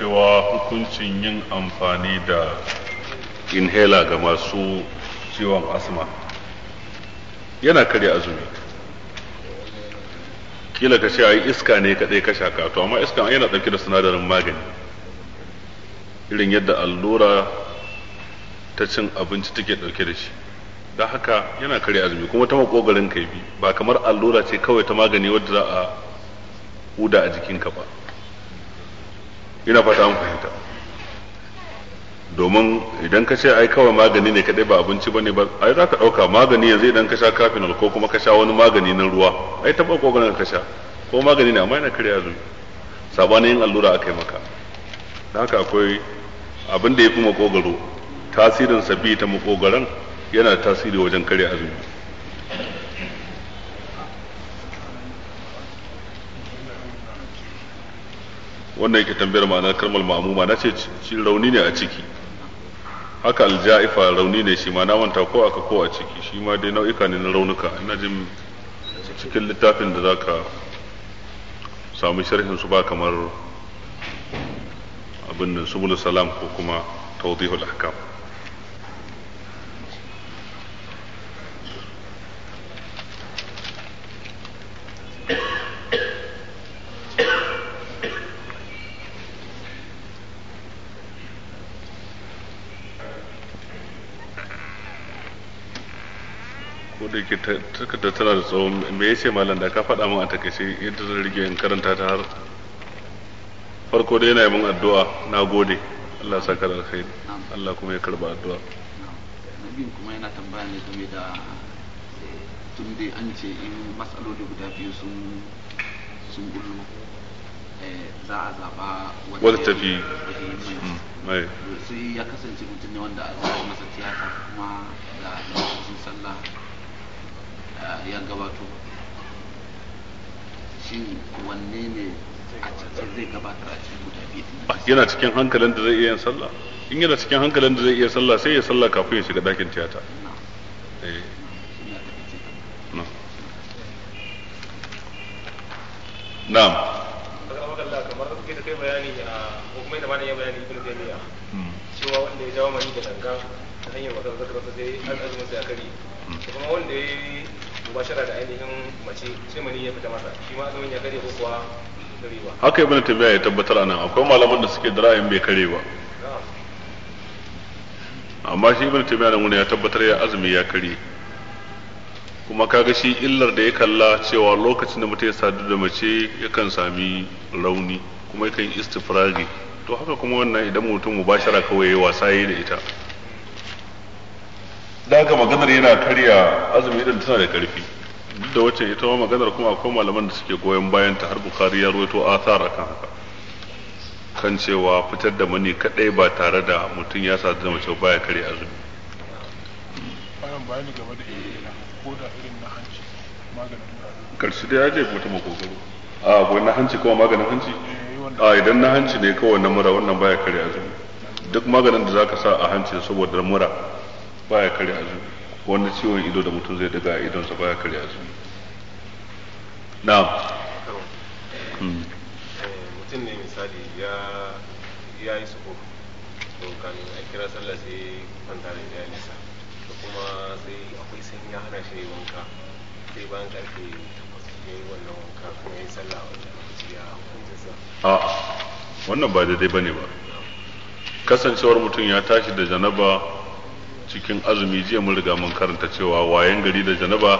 cewa hukuncin yin amfani da inhaler ga masu ciwon asma yana karya azumi kila ka ce a iska ne kaɗai ka shaka to amma iska yana ɗauke da sinadarin magani irin yadda allura ta cin abinci take ɗauke da shi da haka yana karya azumi kuma ta makogarin bi ba kamar allura ce kawai ta magani wadda za a huda a jikinka ba ina fata an fahimta domin idan ka ce ai kawai magani ne kadai ba abinci bane ba ai za ka ɗauka magani yanzu idan ka sha kafinol ko kuma ka sha wani magani na ruwa ai taɓa kokarin ka sha ko magani ne amma yana karya yazo sabanin yin allura akai maka da haka akwai abin da ya fi makogaro tasirin sabi ta makogaran yana tasiri wajen karya azumi wannan yake tambayar ma'anar kalmar ma'amuma na ce rauni ne a ciki haka alja'ifa rauni ne shi ma na manta ko aka ko a ciki shi ma dai nau'ika ne na raunuka ina jin cikin littafin da za ka sami sharhin su ba kamar abin nan subul salam ko kuma tawdihul ahkam da tana da tsawon me ya min a takaice yadda zan ta har farko dai yana yi min addu'a na gode Allah saka da alkhairi Allah kuma ya karba addu'a nabin kuma yana tambaya ne game da eh, tun dai an ce in matsaloli guda biyu sun sun eh, za a zaba wanda tafi mm, mai sai ya kasance mutum ne wanda a zaba masa tiyata kuma da lokacin sallah ya gabato shi wanne ne a cikin zai gabatar a cikin guda biyu yana cikin hankalin da zai iya yin sallah in yana cikin hankalin da zai iya sallah sai ya sallah kafin ya shiga dakin tiyata na'am eh. kamar hmm. cewa wanda ya jawo mani da ta hanyar magana sai an azumin hmm. kuma wanda mubashara da ya fita shi haka ibn tabiya ya tabbatar anan akwai malaman da suke da ra'ayin bai kare ba amma shi ibn tabiya nan ya tabbatar ya azumi ya kare kuma kaga shi illar da ya kalla cewa lokacin da mutum ya sadu da mace yakan sami rauni kuma yakan istifragi to haka kuma wannan idan mutum mubashara kawai ya wasa yi da ita da haka maganar yana karya azumi idan tana da karfi duk da wacce ita ma maganar kuma akwai malaman da suke goyon bayan ta har bukari ya a athar akan haka kan cewa fitar da mani kadai ba tare da mutum ya sa zama cewa baya karya azumi bayan bayani game da ko da irin na hanci maganin karshe da ya je mutum makogaro a wani na hanci kuma maganin hanci eh, a idan na hanci ne kawai na mura wannan baya karya azumi duk maganin da zaka sa a hanci saboda mura baya kare azumi wanda ciwon ido da mutum zai daga a idonsa baya kare azumi na. Hmm. mutum ne misali ya yi suko to kamin a kira sallah sai kwanta da nisa da kuma sai akwai ya hana shi wanka sai bayan karfe takwas ya yi wannan wanka kuma ya yi sallah wannan lokaci ya sa. a'a wannan ba daidai ba ne ba kasancewar mutum ya tashi da janaba cikin azumi jiya mun riga mun karanta cewa wayan gari da janaba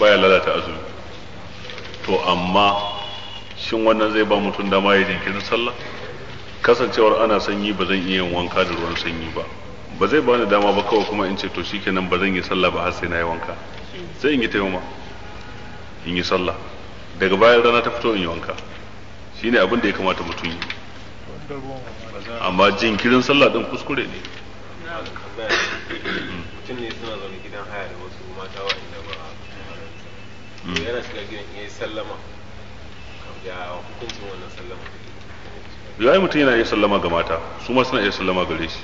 baya lalata azumi to amma shin wannan zai ba mutum dama ya jinkirin sallah kasancewar ana sanyi ba zan iya yin wanka da ruwan sanyi ba ba zai bani dama ba kawai kuma in ce to shikenan ba zan yi sallah ba har sai na yi wanka sai in yi taimama in yi sallah daga bayan rana ta fito in yi wanka shine abin da ya kamata mutum yi amma jinkirin sallah din kuskure ne mutum ne suna zaune gidan haya da wasu mata inda ba mm. to yana shiga gidan ya yi sallama ya hukuncin wannan sallama ya yi mutum yana iya sallama ga mata su ma suna iya sallama gare shi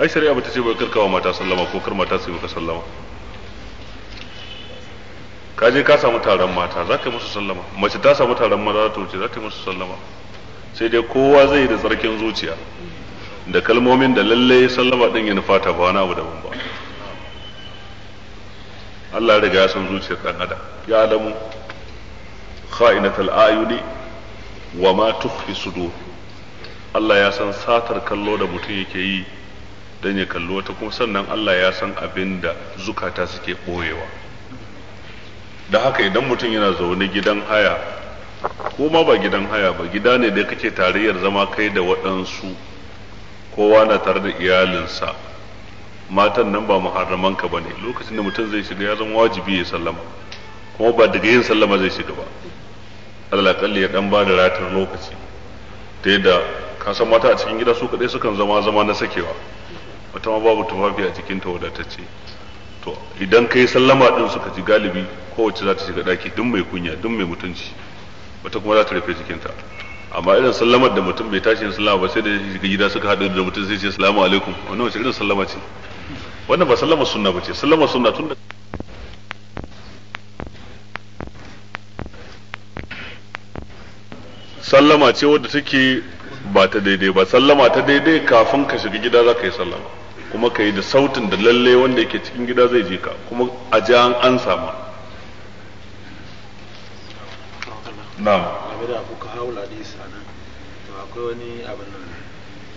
ai shari'a bata ta ce ba karkawa mata sallama ko kar mata su yi maka sallama ka je ka samu taron mata za ka yi musu sallama mace ta samu taron maza za ta wuce za ta yi musu sallama sai dai kowa zai yi da tsarkin zuciya da kalmomin da lalle sallama din ya nufa ta ba wani abu da ba Allah ya riga ya san zuciyar dan adam ya alamu kha'inatul ayuni wa ma tukhfi sudur Allah ya san satar kallo da mutum yake yi dan ya kallo ta kuma sannan Allah ya san abin da zukata suke boyewa da haka idan mutum yana zaune gidan haya ko ma ba gidan haya ba gida ne da kake tarayyar zama kai da waɗansu kowa na tare da iyalinsa matan nan ba muharraman ka bane lokacin da mutum zai shiga ya zama wajibi ya sallama kuma ba daga yin sallama zai shiga ba Allah ya dan bada ratar lokaci ta yadda ka san mata a cikin gida su kadai sukan zama zama na sakewa wata ma babu tufafi a cikin ta wadatacce to idan kai sallama din suka ji galibi kowace za ta shiga daki duk mai kunya duk mai mutunci wata kuma za ta rufe jikinta amma irin sallamar da mutum bai tashi sallama ba sai da shiga gida suka haɗu da mutum sai ce salamu alaikum wannan wace irin sallama ce wannan ba sallamar sunna ba ce sallamar sunna tun da sallama ce wadda take ba ta daidai ba sallama ta daidai kafin ka shiga gida za ka yi sallama kuma ka yi da sautin da lalle wanda yake cikin gida zai je ka kuma a ji an an ma. na'am game da fuka haula hadis anan to akwai wani abin nan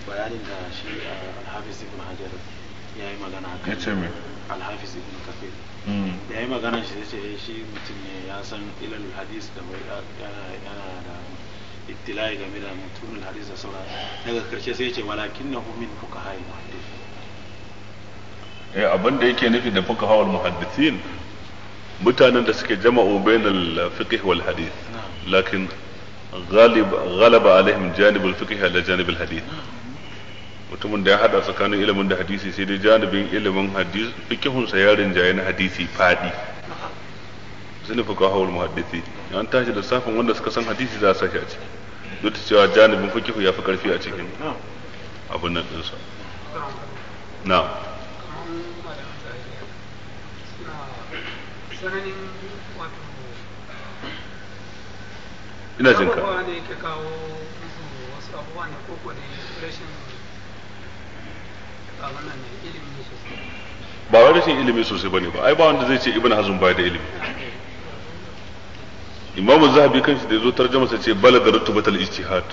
bayanin da shi uh, alhafiz ibn hajar ya yi magana akan yace me alhafiz ibn kafir hmm. ya yi magana shi yace eh, shi mutum ne ya san ilal hadis da bai yana da ittilai game da mutunul hadis da sauran daga karshe sai yace walakinnahu min fuka hail muhaddis eh abin da yake nufi da fuka haul muhaddisin mutanen da suke jama'u bainal fiqh wal hadith lakin غالب غلب ala mutumin da ya hada tsakanin ilimin da hadisi sai dai janibin ilimin hadisi fikihun sa yarin jayen hadisi fadi fuka hawul muhaddisi an tashi da safin wanda suka san hadisi za a a ciki duk da cewa janibin fikihu ya fi karfi a cikin ɗinsa na'am ina jin ka ba wai rashin ilimi sosai bane ba ai ba wanda zai ce ibn hazm baya da ilimi imamu zahabi kanshi da yazo tarjuma sa ce balaga rutubatul ijtihad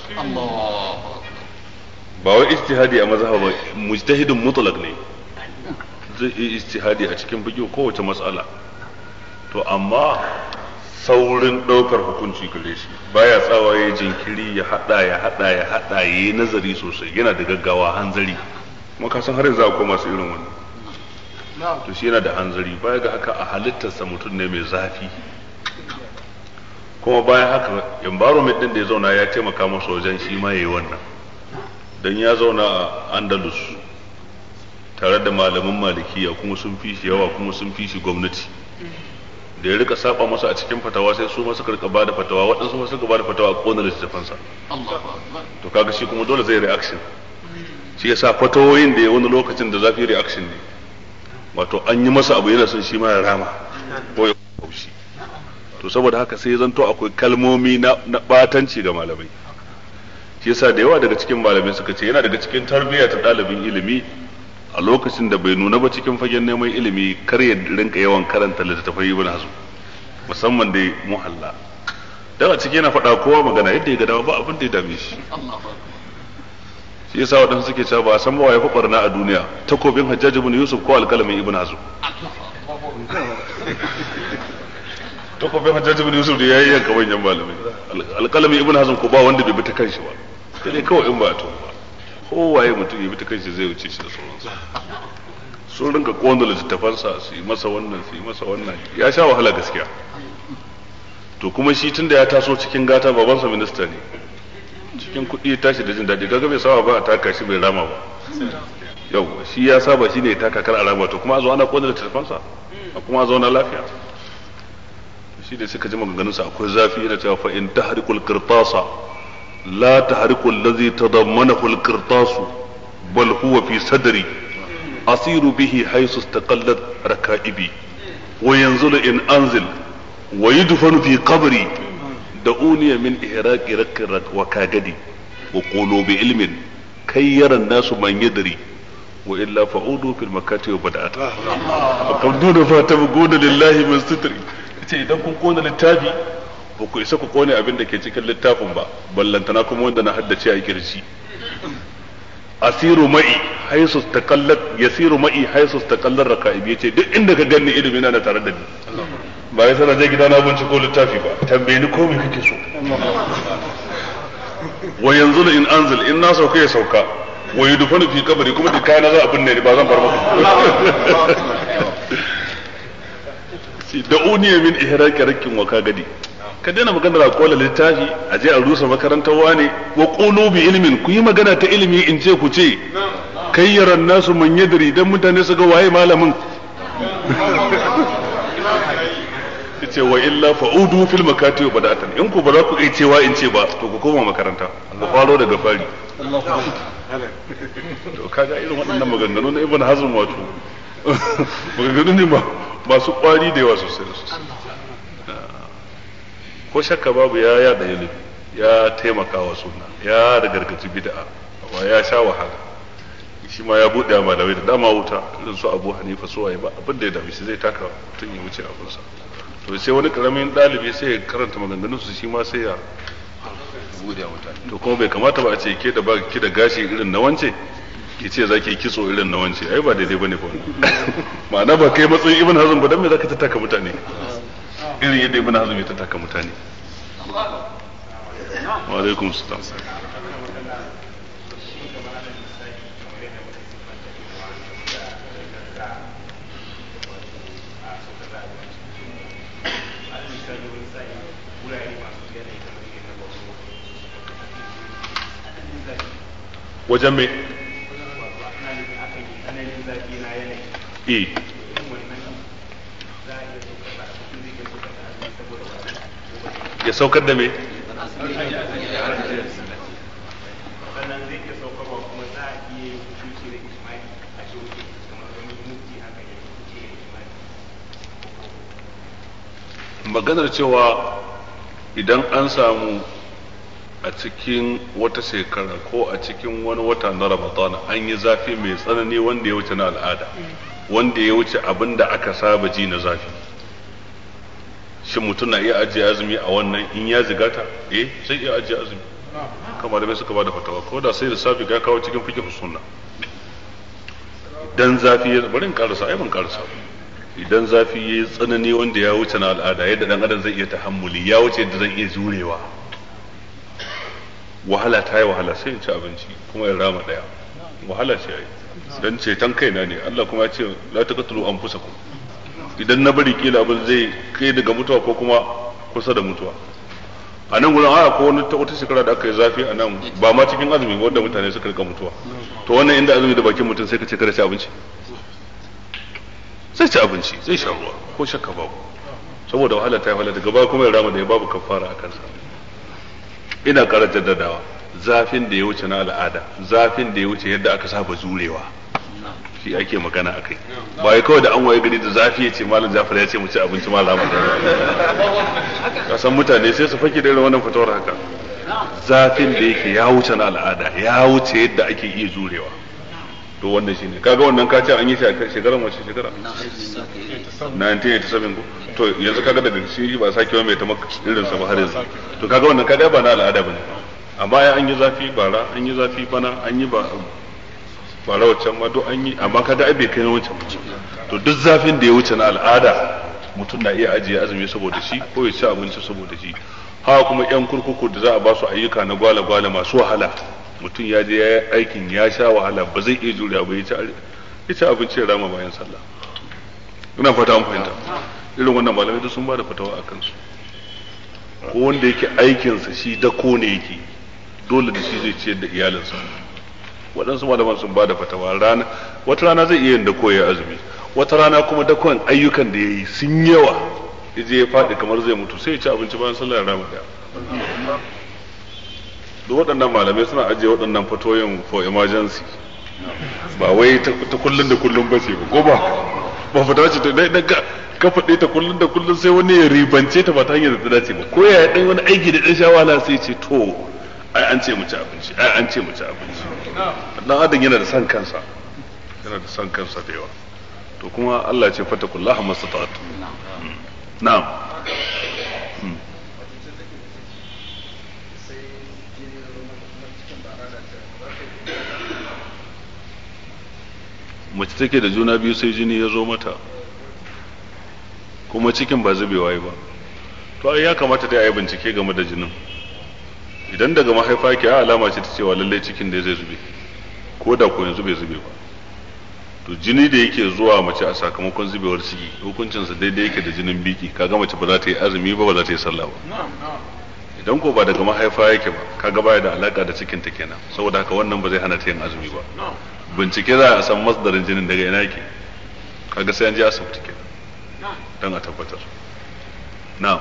ba wai ijtihadi a mazhab ba mujtahidun mutlaq ne zai yi ijtihadi a cikin fiqh kowace mas'ala to amma saurin ɗaukar hukunci gare shi baya tsawa ya jinkiri ya haɗa ya haɗa ya haɗa ya yi nazari sosai yana da gaggawa hanzari maka san har yanzu a masu irin wannan to shi yana da hanzari baya ga haka a halittarsa mutum ne mai zafi kuma baya haka environment din da ya zauna ya taimaka masa wajen shi ma yayi wannan dan ya zauna a Andalus tare da malaman malikiya kuma sun fi shi yawa kuma sun fi shi gwamnati mm. da ya rika saba masa a cikin fatawa sai su ma suka rika bada fatawa waɗansu ma suka bada fatawa a ƙona fansa. to kaga shi kuma dole zai reaction shi sa fatawoyin da ya wani lokacin da zafi reaction ne wato an yi masa abu yana son shi ma rama ko ya to saboda haka sai zanto akwai kalmomi na batanci ga malamai shi yasa da yawa daga cikin malamai suka ce yana daga cikin tarbiyya ta ɗalibin ilimi a lokacin da bai nuna ba cikin fagen neman ilimi kar ya rinka yawan karanta littattafai ibn hasu musamman da muhalla dan a ciki yana faɗa kowa magana yadda ya ga dama ba abin da ya dame shi shi yasa waɗansu suke cewa ba san ba ya fi barna a duniya takobin hajjaj ibn yusuf ko alƙalamin ibn hasu takobin hajjaj ibn yusuf da yayi yanka manyan malamai alƙalamin ibn hasu ko ba wanda bai bi ta kanshi ba sai kawai in ba a to ba kowaye mutum ya bi ta kai shi zai wuce shi da sauransa sun rinka kona littattafansa su yi masa wannan su yi masa wannan ya sha wahala gaskiya to kuma shi tunda ya taso cikin gata babansa minista ne cikin kuɗi ya tashi da jin daɗi gaga bai saba ba a taka shi bai rama ba yau shi ya saba shi ne ya taka kar a rama to kuma a zo ana kona littattafansa a kuma a zauna lafiya shi da suka ji maganganunsa akwai zafi yana cewa fa in tahriqul qirtasa la tahriqu allazi tadammanahu al-qirtas bal huwa fi sadri asiru bihi haythu istaqallat raka'ibi wa yanzulu in anzil wa yudfanu fi qabri da'uniya min ihraqi rakkin wa kagadi wa qulu bi nasu man yadri wa illa fa'udu fil makati wa bada'at qabdu da fatabu goda lillahi min sitri ce idan kun kona littafi ba ku isa ku kone abin da ke cikin littafin ba ballantana kuma wanda na haddace a kirji asiru ma'i haisu takallat yasiru ma'i haisu taqallar raka'ib yace duk inda ka ganni ilimi na tare da ni ba ya sanar je gida na binciko littafi ba tambaye ni ko me kake so wa yanzu in anzil in na sauka ya sauka wa yudfanu fi kabari kuma kai na za a binne ni ba zan bar maka uniya min ihraqi rakkin wa gadi ka daina maganar a kola littafi a je a rusa makarantar wane wa qulu bi ilmin ku yi magana ta ilimi in ce ku ce kayyaran nasu man yadri don mutane su ga waye malamin ce wa illa fa'udu fil makati wa bada'atan in ku ba za ku kai cewa in ce ba to ku koma makaranta ku faro daga fari to kaga irin waɗannan maganganu na ibn hazm wato maganganu ne masu kwari da yawa sosai da sosai ko shakka babu ya yada ilimi ya taimaka wa suna ya ragargaci bid'a amma ya sha wahala shi ma ya buɗe a malamai da dama wuta irin su abu hanifa su waye ba abin da ya dame shi zai taka mutum ya wuce abinsa to sai wani karamin ɗalibi sai ya karanta maganganun su shi ma sai ya buɗe wuta to kuma bai kamata ba a ce ke da ba ki da gashi irin na wance ki ce za ki kitso irin na wance ai ba daidai bane ba ma'ana ba kai matsayin ibn hazm ba dan me zaka tattaka mutane irin yadda ibn hazm ya tattaka mutane wa alaikum salam wajen mai ya saukar da me maganar cewa idan an samu a cikin wata shekara ko a cikin wani wata na ramadan an yi zafi mai tsanani wanda ya wuce na al'ada wanda ya wuce abin da aka saba ji na zafi shin mutum na iya ajiye azumi a wannan in ya zigata eh sai iya ajiye azumi kamar da suka bada fatawa ko da sai da safi ga kawo cikin fiqh sunna idan zafi ya bari in karasa ai ban karasa idan zafi ya tsanani wanda ya wuce na al'ada yadda dan adam zai iya tahammuli ya wuce yadda zan iya jurewa wahala ta yi wahala sai in ci abinci kuma in rama daya wahala ce ai dan ceton kaina ne Allah kuma ya ce la taqtulu anfusakum idan na bari kila abin zai kai daga mutuwa ko kuma kusa da mutuwa a nan gudun a ko wani wata shekara da aka yi zafi a nan ba ma cikin azumi wanda mutane suka rika mutuwa to wannan inda azumi da bakin mutum sai ka ce kada ci abinci sai ci abinci zai sha ruwa ko shakka babu saboda wahala ta yi wahala daga baya kuma ya rama da ya babu kafara a kansa ina ƙara jaddadawa zafin da ya wuce na al'ada zafin da ya wuce yadda aka saba zurewa shi ake magana a kai ba ya kawai da an waye gari da zafi ya ce malam Jafar ya ce mu ci abinci malam Ahmad kasan mutane sai su fake da wannan fatawar haka zafin da yake ya wuce na al'ada ya wuce yadda ake iya jurewa to wannan shine kaga wannan ka ce an yi shekarar wace shekara 1987 ko to yanzu kaga daga shi ba sake wa mai ta maka irin sa ba har yanzu to kaga wannan kaga ba na al'ada bane amma ya an yi zafi bara an yi zafi bana an yi ba bara wancan ma duk an yi amma kaga ai bai kai na wancan mutum to duk zafin da ya wuce na al'ada mutum na iya ajiye azumi saboda shi ko ya ci abinci saboda shi haka kuma yan kurkuku da za a ba su ayyuka na gwale-gwale masu wahala mutum ya je ya yi aikin ya sha wahala ba zai iya juriya ba ya ci abinci ya rama bayan sallah ina fata an fahimta irin wannan malamai da sun ba da fatawa a kansu ko wanda yake aikinsa shi dako ne yake dole da shi zai ciyar da iyalinsa waɗansu malaman sun ba da fatawa rana wata rana zai iya yin da koya azumi wata rana kuma da koyan ayyukan da ya yi sun yawa je ya faɗi kamar zai mutu sai ya ci abinci bayan sallar rama ɗaya duk waɗannan malamai suna ajiye waɗannan fatoyin for emergency ba wai ta kullum da kullum ba ce ba ko ba ba fata ce ta dai ka faɗe ta kullum da kullum sai wani ya ribance ta ba ta hanyar da ta dace ba ko ya ɗan wani aiki da ɗan wahala sai ce to ai an ce mu ci abinci ai an ce mu ci abinci dan adam yana da san kansa yana da san kansa da yawa to kuma Allah ce fatakullaha mastata'tu na'am hmm. mace take da juna biyu sai jini ya zo mata kuma cikin ba zubewa ba to ai ya kamata dai a yi bincike game da jinin idan daga mahaifa ke alama ce ta cewa lallai cikin da zai zube ko da ko yanzu bai zube ba to jini da yake zuwa mace a sakamakon zubewar ciki hukuncinsa daidai yake da jinin biki kaga mace ba za ta yi azumi ba ba za ta yi sallah ba idan ko ba daga mahaifa yake ba kaga baya da alaka da cikin ta kenan saboda haka wannan ba zai hana ta yin azumi ba bincike za a san masdarin jinin daga ina yake kaga sai an je asibiti kenan don a tabbatar na'am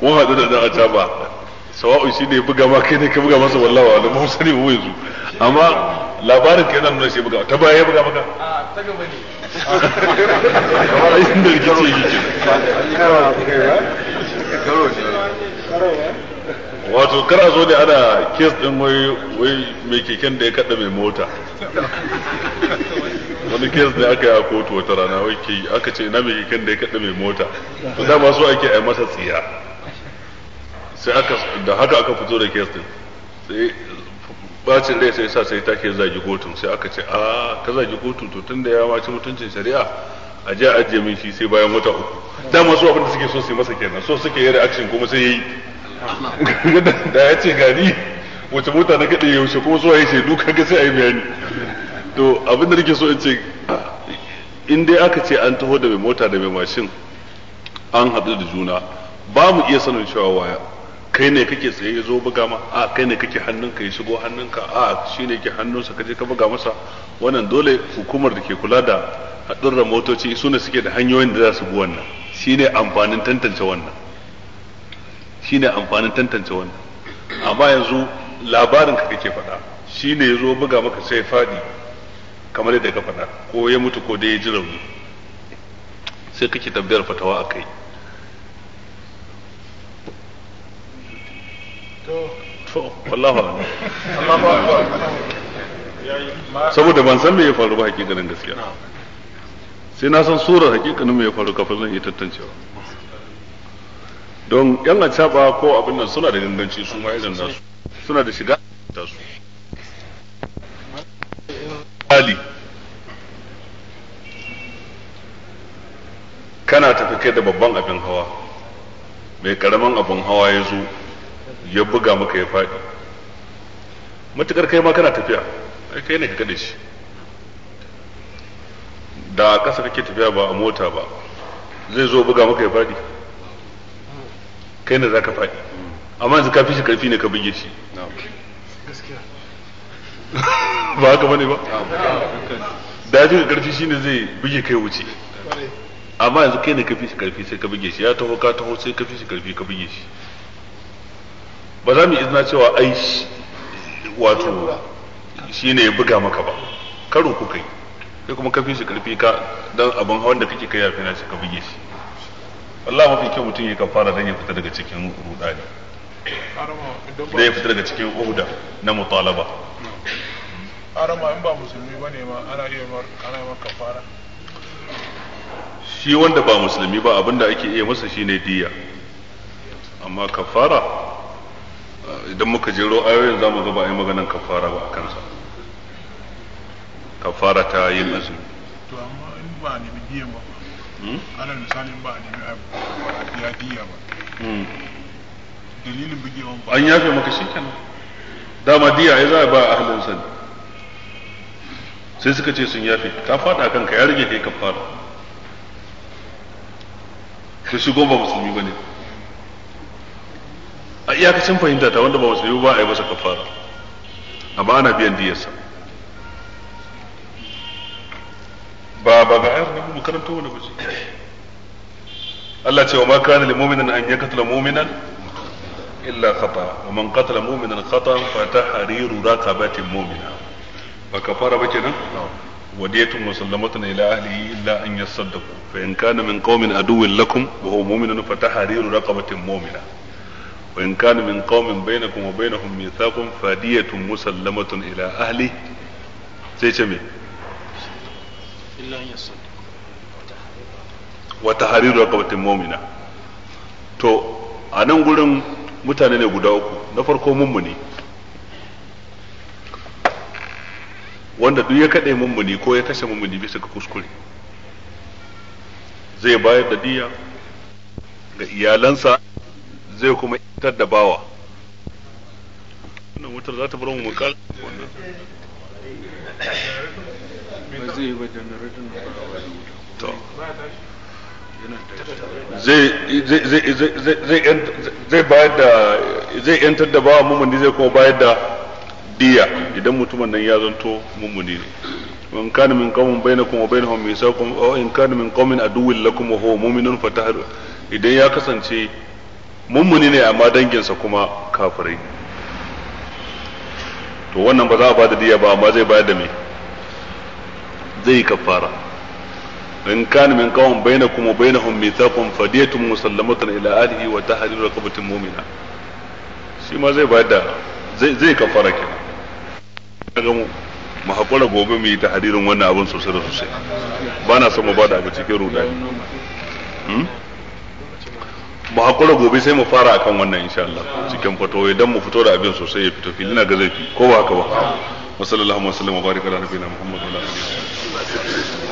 ko haɗu da dan acaba sawa'u shi ne buga ma kai ne ka buga masa wallahi wa mun sani mu yanzu amma labarin kai nan nuna shi buga ta baya ya buga maka a ta gaba ne da rikici yake wato kar a zo ne ana kes din wai wai mai keken da ya kada mai mota wani kes ne aka yi a kotu wata rana wai ke aka ce ina mai keken da ya kada mai mota to dama so ake yi masa tsiya sai aka da haka aka fito da kes din sai bacin rai sai sa sai take zagi kotun sai aka ce a ah, ka zagi kotun to tunda ya wace mutuncin shari'a a je ajiye min shi sai bayan wata uku dama su abin da suke so su yi masa kenan so suke yi reaction kuma sai yayi da ya ce gani wace mota na kaɗe yaushe kuma zuwa ya ce duka ga sai a yi bayani to abin da nake so in ce in dai aka ce an taho da mai mota da mai mashin an haɗu da juna ba mu iya sanin cewa waya kai ne kake tsaye ya zo buga ma a kai ne kake hannunka ya shigo hannunka a shi ne ke hannunsa kaje ka buga masa wannan dole hukumar da ke kula da haɗurran motoci su ne suke da hanyoyin da za su bi wannan shi ne amfanin tantance wannan shi ne amfanin tantance wannan amma yanzu labarin ka kake faɗa shi ne ya zo buga maka sai faɗi kamar yadda ka faɗa ko ya mutu ko dai ya ji rauni sai kake tambayar fatawa a kai to saboda ban san me ya faru ba hakikanin gaskiya sai na san surar hakikanin me ya faru kafin zan yi tantancewa don yan caba ko abin nan suna da ganganci su ma idan nasu suna da shiga da su ali kana tafi kai da babban abin hawa mai karaman abin hawa ya zo ya buga maka ya faɗi matuƙar kai ma kana tafiya ai kai ne ka kaɗe shi da a ƙasa kake tafiya ba a mota ba zai zo buga maka ya faɗi kai ne za ka faɗi amma yanzu ka fi shi ƙarfi ne ka buge shi ba haka bane ba da ya fi ka ƙarfi shine zai buge kai wuce amma yanzu kai ne ka fi shi ƙarfi sai ka buge shi ya taho ka taho sai ka fi shi ƙarfi ka buge shi ba za mu izina cewa ai wato shi ya buga maka ba karo ku kai sai kuma ka fi shi karfi ka don abin hawan da kake kai ya fina shi ka buge shi Allah mafi kyau mutum ya kafara don ya fita daga cikin rudani da ya fita daga cikin uhda na mutalaba harama in ba musulmi ba ne ma ana iya ana kafara shi wanda ba musulmi ba abinda ake iya masa shine diya amma kafara idan muka jero ayoyin za mu ga ba a yi maganan kafara ba a kansa kafara ta yin azumi to amma in ba a nemi diya ba ana hmm? misali in ba a nemi abu ya diya ba hmm. dalilin bugewan ba an yafe maka shi kenan dama diya ya za a ba ahlin sani sai suka ce sun yafe ka fada kanka ya rage kai kafara ka shigo ba musulmi ba ne iyakacin fahimta ta wanda ba wasu yiwu ba a yi masa kafara amma ana biyan diyarsa ba ba ba ayar nan mu karanta wani ba Allah ce wa ma kana lil mu'minin an yaqtula mu'minan illa khata wa man qatala mu'minan khata fa tahriru raqabatin mu'mina ba kafara ba nan wa kenan ودية مسلمة إلى أهله إلا أن يصدقوا فإن كان من قوم عدو لكم وهو مؤمن فتحرير رقبة مؤمنة وإن كان من قوم بينكم وبينهم ميثاق bainahum مسلمة إلى ila إلا sai ce me wa tahriru raqabatin mu'mina to a nan gurin mutane ne na farko wanda duk ya kaɗe mummuni ko ya kashe mummuni bisa ga kuskure zai bayar da diya ga iyalansa zai kuma tattabawa wannan wutar za ta bar mu makal zai bayar da zai yantar da bawa mummuni zai kuma bayar da diya idan mutumin nan ya zanto mummuni ne in kana min bai na qawmin bainakum wa bainahum misaqun aw in kana min qawmin aduwwin lakum wa huwa mu'minun fatahar idan ya kasance mummuni ne amma danginsa kuma kafirai to wannan ba za a bada diya ba amma zai bayar da me zai yi kafara in kana min qawm bainakum wa bainahum mithaqun fadiyatun musallamatun ila alihi wa tahrir raqabatin mu'mina shi ma zai bayar da zai zai kafara kenan daga mu mu hakura gobe mu yi tahririn wannan abin sosai da sosai ba na son mu bada abu cikin rudani hmm? mu hakura gobe sai mu fara akan wannan insha Allah cikin fito idan mu fito da abin sosai ya fito filina ga zai fi ko ba haka ba wa sallallahu alaihi wa sallam wa barika ala nabiyina muhammad wa ala alihi